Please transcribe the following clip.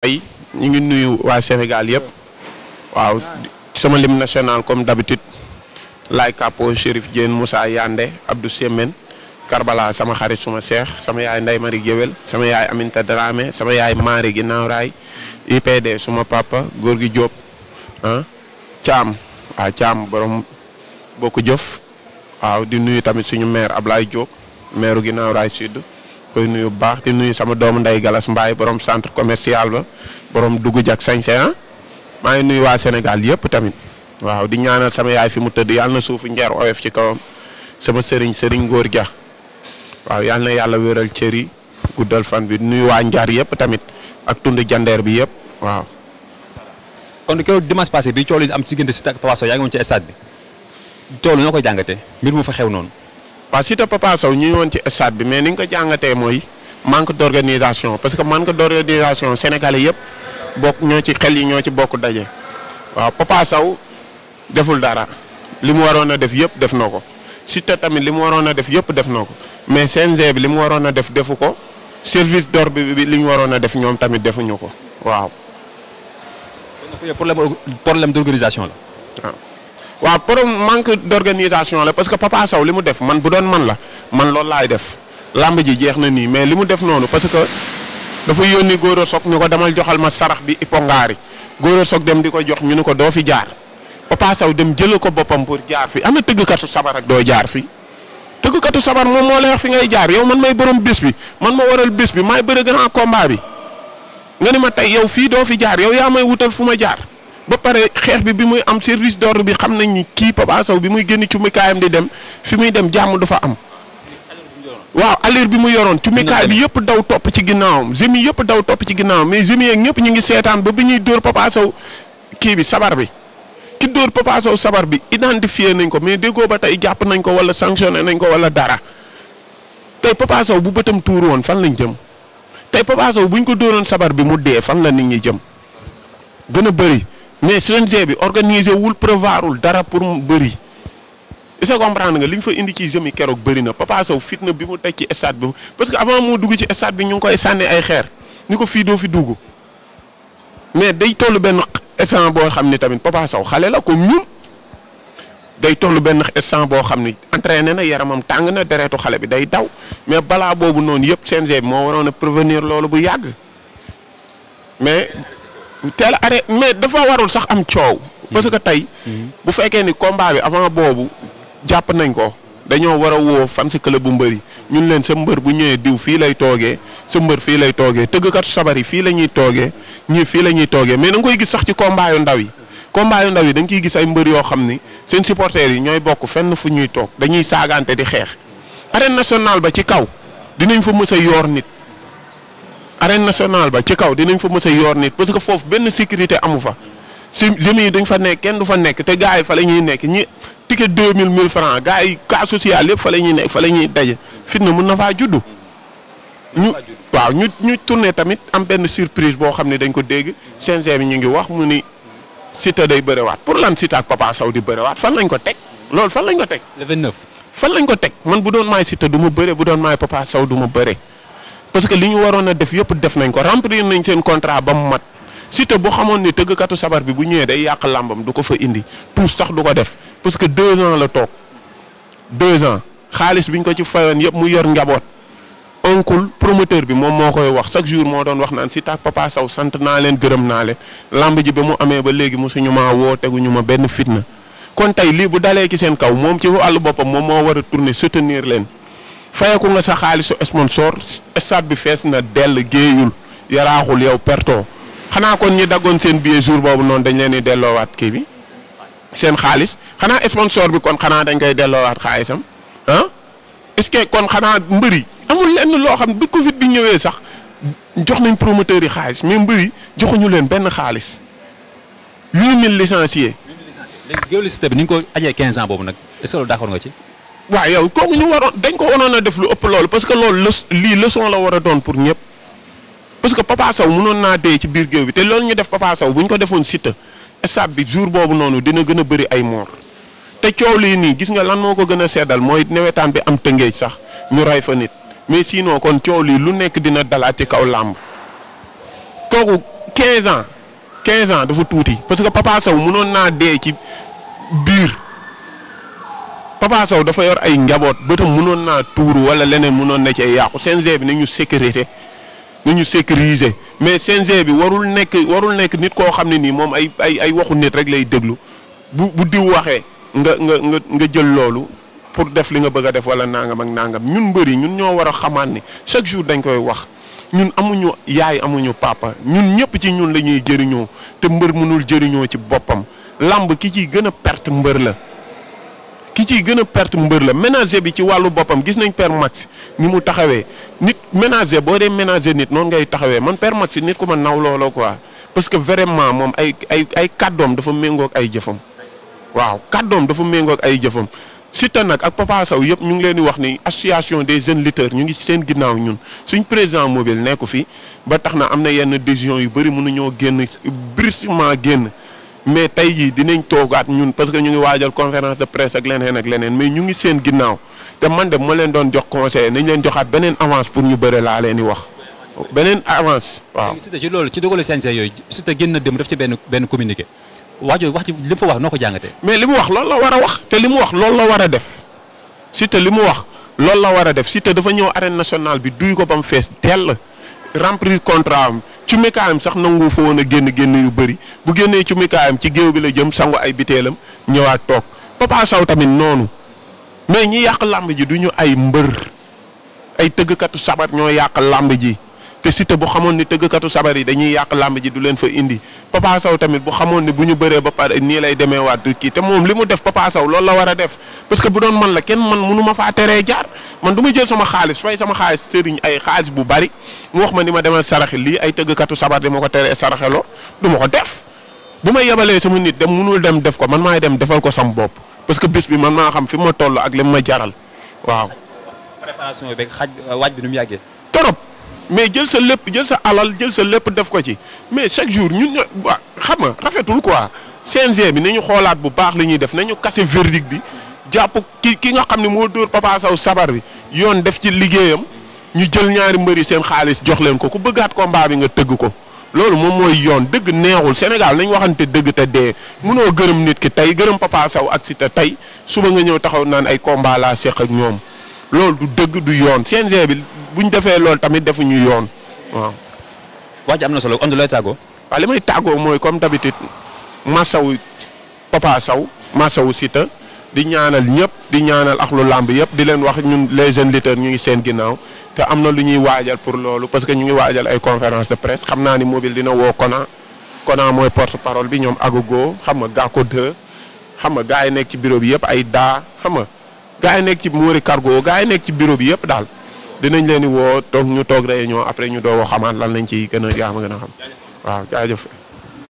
ay ñu ngi nuyu waa Sénégal yëpp waaw sama lim national comme d'habitude Laye Capo Chérif Diène Moussa Yande Abdou Semen Karbala sama xarit suma seex sama yaay Ndey Mari Géwél sama yaay Aminta Dramé sama yaay Maari Ginnaaw IPD suma papa góor gi Diop ah Thiam waaw Thiam bokk jëf waaw di nuyu tamit suñu maire Ablaye Diop maire Ginnaaw Raay Sud koy nuyu bu baax di nuyu sama doomu nday Galas Mbaye borom centre commercial ba borom dugg jak sañse ah maa ngi nuyu waa Sénégal yëpp tamit waaw di ñaanal sama yaay fi mu tëdd yàlla na suufu njeer oyof ci kawam sama sëriñ sëriñ góor ja waaw yàlla na yàlla wéral cër yi guddal fan bi nuyu waa njaar yëpp tamit ak tund jandeer bi yëpp waaw. kon keroog dimanche bi coow li am ci diggante Siteu ak Papa Sow yaa ngi woon ci stade bi coow li koy jàngatee mbir mu fa xew noonu. waaw Siteu Papa Sow ñu ngi woon ci stade bi mais ni nga ko jàngatee mooy manque d'organisation parce que manque d'organisation sénégalais yëpp bokk ñoo ci xel yi ñoo ci bokk daje waaw Papa deful dara li mu waroon a def yëpp def na ko Siteu tamit li mu waroon a def yëpp def na ko mais CNG bi li mu waroon a def defu ko service d'ordre bi li ñu waroon a def ñoom tamit defuñu ko waaw. problème problème d'organisation la. waaw pour manque d'organisation la parce que Papa Sow li mu def man bu doon man la man loolu laay def làmb ji jeex na nii mais li mu def noonu parce que dafa yónni góor a ñu ko demal joxal ma sarax bi ipongaari góor a soog dem di ko jox ñu ne ko doo fi jaar Papa Sow dem jël ko boppam pour jaar fi am na tëggkatu sabar ak doo jaar fi tëggkatu sabar moom moo lay wax fi ngay jaar yow man may borom bis bi man ma waral bis bi maay bëre grand combat bi nga ni ma yow fii doo fi jaar yow yaa may wutal fu ma jaar ba pare xeex bi bi muy am service d'ordre bi xam nañ ni kii Papa Sow bi muy génn ci mikaayam di dem fi muy dem jàmm du fa am. waaw allure bi mu yoroon cumikaay bi yëpp daw topp ci ginnaawam gémi yëpp daw topp ci ginnaawam mais gémi yeeg ñëpp ñu ngi seetaan ba bi ñuy dóor Papa Sow kii bi sabar bi ki dóor Papa sabar bi identifié nañ ko mais déggoo ba tey jàpp nañ ko wala sanctionné nañ ko wala dara tey Papa Sow bu bëtam tuur woon fan lañ jëm tey Papa Sow buñ ko dóoroon sabar bi mu dee fan la nit ñi jëm gën a bëri mais CNG bi organiser wul prévoirul dara pour mu bëri est nga li ñu fa indi ci jëmi keroog bëri na Papa Sow fitna bi mu teg ci stade bi parce que avant moo dugg ci stade bi ñu ngi koy sànni ay xeer ni ko fii doo fi dugg mais day toll benn instant boo xam ne tamit Papa Sow xale la comme ñun day toll benn instant boo xam ne entraîné na yaramam tàng na deretu xale bi day daw mais balaa boobu noonu yëpp CNG bi moo waroon a prévenir loolu bu yàgg teel a arrêté mais dafa warul sax am coow. parce que tey. bu fekkee ni combat bi avant boobu jàpp nañ ko. dañoo war a woo fan si club bu mbëri ñun leen sa mbër bu ñëwee diw fii lay toogee sa mbër fii lay toogee tëggkat sabar yi fii la ñuy toogee ñii fii la ñuy toogee mais da nga koy gis sax ci combat yu ndaw yi. combat ndaw yi da nga ciy gis ay mbër yoo xam ni seen supporters yi ñooy bokk fenn fu ñuy toog dañuy saagante di xeex. arène national ba ci kaw dinañ fa mës yoor nit. arène nationale ba ci kaw dinañ fa mës a yoor nit parce que foofu benn sécurité amu fa si jeunes yi duñ fa nekk kenn du fa nekk te gars yi fa la ñuy nekk ñi ticket deux mille mille francs gars yi cas social yëpp fa la ñuy nekk fa la ñuy daje fitna mun na faa juddu. ñu waaw ñu ñu tourné tamit am benn surprise boo xam ne dañ ko dégg CNG bi ñu ngi wax mu ni Siteu day bëriwaat pour lan Siteu ak saw Sow di bëriwaat fan lañ ko teg loolu fan lañ ko teg. le 29 fan lañ ko teg man bu doon maay Siteu du ma bëre bu doon maay Papa Sow du ma bëre. parce que li ñu waroon a def yëpp def nañ ko remplir nañ seen contrat ba mu mat Siteu bu xamoon ni tëggkatu sabar bi bu ñëwee day yàq làmbam du ko fa indi tous sax du ko def parce que deux ans la toog deux ans xaalis biñ ko ci fayoon yëpp mu yor njaboot onkul promoteur bi moom moo koy wax chaque jour moo doon wax naan si ak Papa Sow sant naa leen gërëm naa leen làmb ji ba mu amee ba léegi mu mosuñu maa woo teguñu ma benn fitna kon tey lii bu dalee ci seen kaw moom ci wàllu boppam moom moo war a tourner soutenir leen. fayeku nga sax xaalisu sponsor stade bi fees na dell géeyul yaraaxul yow perto xanaa kon ñi daggoon seen billet jour boobu noonu dañ leen di delloowaat kii bi seen xaalis xanaa sponsor bi kon xanaa dañ koy delloowaat xaalisam ah est-ce que kon xanaa mbëri amul lenn loo xam bi Covid bi ñëwee sax jox nañ promoteur yi xaalis mais mbëri joxuñu leen benn xaalis 8000 licenciés. 8000 licenciés léegi géologiste bi ni ñu ko ajee 15 ans boobu nag est-ce que loolu d'accord nga ci. waaw yow kooku ñu waroon dañ ko waroon a def lu ëpp loolu parce que loolu lii leçon la war a doon pour ñëpp parce que Papa Sow mënoon naa dee ci biir géew bi te loolu ñu def Papa Sow bu ñu ko defoon Siteu stade bi jour boobu noonu dina gën a bëri ay moor te coow lii nii gis nga lan moo ko gën a seddal mooy nawetaan bi am tëngeej sax ñu rey fa nit mais sinon kon coow lii lu nekk dina dalaat ci kaw làmb kooku 15 ans 15 ans dafa tuuti parce que Papa Sow mënoon naa dee ci biir. Papa Sow dafa yor ay njaboot bëtam mënoon naa tuuru wala leneen mënoon na cee yàqu CNG bi nañu sécurité nañu sécuriser mais CNG bi warul nekk warul nekk nit koo xam ne nii moom ay ay ay waxu nit rek lay déglu bu bu diw waxee nga nga nga nga jël loolu pour def li nga bëgg a def wala nangam ak nangam ñun mbër yi ñun ñoo war a xamaat ni chaque jour dañ koy wax ñun amuñu yaay amuñu papa ñun ñëpp ci ñun la ñuy jëriñoo te mbër munul jëriñoo ci boppam làmb ki ciy gën a perte mbër la. ki ciy gën a perte mbër la ménager bi ci wàllu boppam gis nañ Père Max ni mu taxawee nit ménager boo dee ménager nit noon ngay taxawee man Père Max nit ku ma naw looloo quoi parce que vraiment moom ay ay ay kàddoom dafa méngoog ay jëfam waaw kàddoom dafa méngoog ay jëfam Siteu nag ak Papa Sow yëpp ñu ngi leen di wax ni association des jeune lutteurs ñu ngi seen ginnaaw ñun suñ président mobile nekku fii ba tax na am na yenn décision yu bëri mënuñoo génn brusquement génn. mais tey jii dinañ toogaat ñun parce que ñu ngi waajal conférence de presse ak leneen ak leneen mais ñu ngi seen ginnaaw te man de ma leen doon jox conseil nañ leen joxaat beneen avance pour ñu bëre laa leen di wax. beneen avance waaw. si Siteu ci loolu ci dogalu CNG yooyu Siteu génn dem def ci benn benn communiqué wax jooju wax ci li mu fa wax noo ko jàngatee. mais li mu wax loolu la war a wax te li mu wax loolu la war a def Siteu li mu wax loolu la war a def Siteu dafa ñëw arène nationale bi duy ko ba mu fees dell remplir contrat am ci mikaayam sax nangu fa woon a génn génn yu bëri bu génnee ci mikaayam ci géew bi la jëm sangu ay biteelam ñëwaat toog Papa Sow tamit noonu mais ñi yàq làmb ji du ñu ay mbër ay tëggkatu sabar ñoo yàq làmb ji te Siteu bu xamoon ni tëggkatu sabar yi dañuy yàq làmb ji du leen fa indi Papa Sow tamit bu xamoon ni bu ñu bëree ba pare nii lay demee waat du kii te moom li mu def Papa Sow la war a def parce que bu doon man la kenn man mënu ma faa teree jaar man du ma jël sama xaalis fay sama xaalis sëriñ ay xaalis bu bari mu wax ma ni ma demal saraxe lii ay tëggkatu sabar di ma ko teree saraxeloo du ma ko def bu ma yebalee sama nit dem munul dem def ko man maay dem defal ko sam bopp parce que bis bi man maa xam fi ma toll ak li ma jaral waaw. préparation bi xaj waaj bi nu mu mais jël sa lépp jël sa alal jël sa lépp def ko ci mais chaque jour ñun ñoo waa xam nga rafetul quoi CNG bi na nañu xoolaat bu baax li ñuy def nañu kase verdict bi jàpp ki ki nga xam ne moo dóor Papa saw sabar bi yoon def ci liggéeyam ñu jël ñaari mbër yi seen xaalis jox leen ko ku bëggaat combat bi nga tëgg ko loolu moom mooy yoon dëgg neexul Sénégal nañ waxante dëgg te dee munoo gërëm nit ki tey gërëm Papa saw ak si te tey suba nga ñëw taxaw naan ay combat laa ak ñoom loolu du dëgg du yoon CNG bi bu ñu defee loolu tamit defuñu yoon waaw. wax ji am na solo Ondou lay tàggoo. waaw li may tàggoo mooy comme d'habitude masawu Papa Sow wu sita di ñaanal ñëpp di ñaanal ak lu làmb yëpp di leen wax ñun les jeunes lutteurs ñu ngi seen ginnaaw te am na lu ñuy waajal pour loolu parce que ñu ngi waajal ay conférence de presse xam naa ni mobile dina woo Kona Kona mooy porte parole bi ñoom Agogo xam nga Gako 2 xam nga gars yi nekk ci bureau bi yëpp ay daa xam gaa gars yi nekk ci Mouri Cargo gars yi nekk ci bureau bi yëpp daal. dinañ leen di woo toog ñu toog réunion après ñu doog a xamaat lan lañ ci gën a jaaxam gën a xam waaw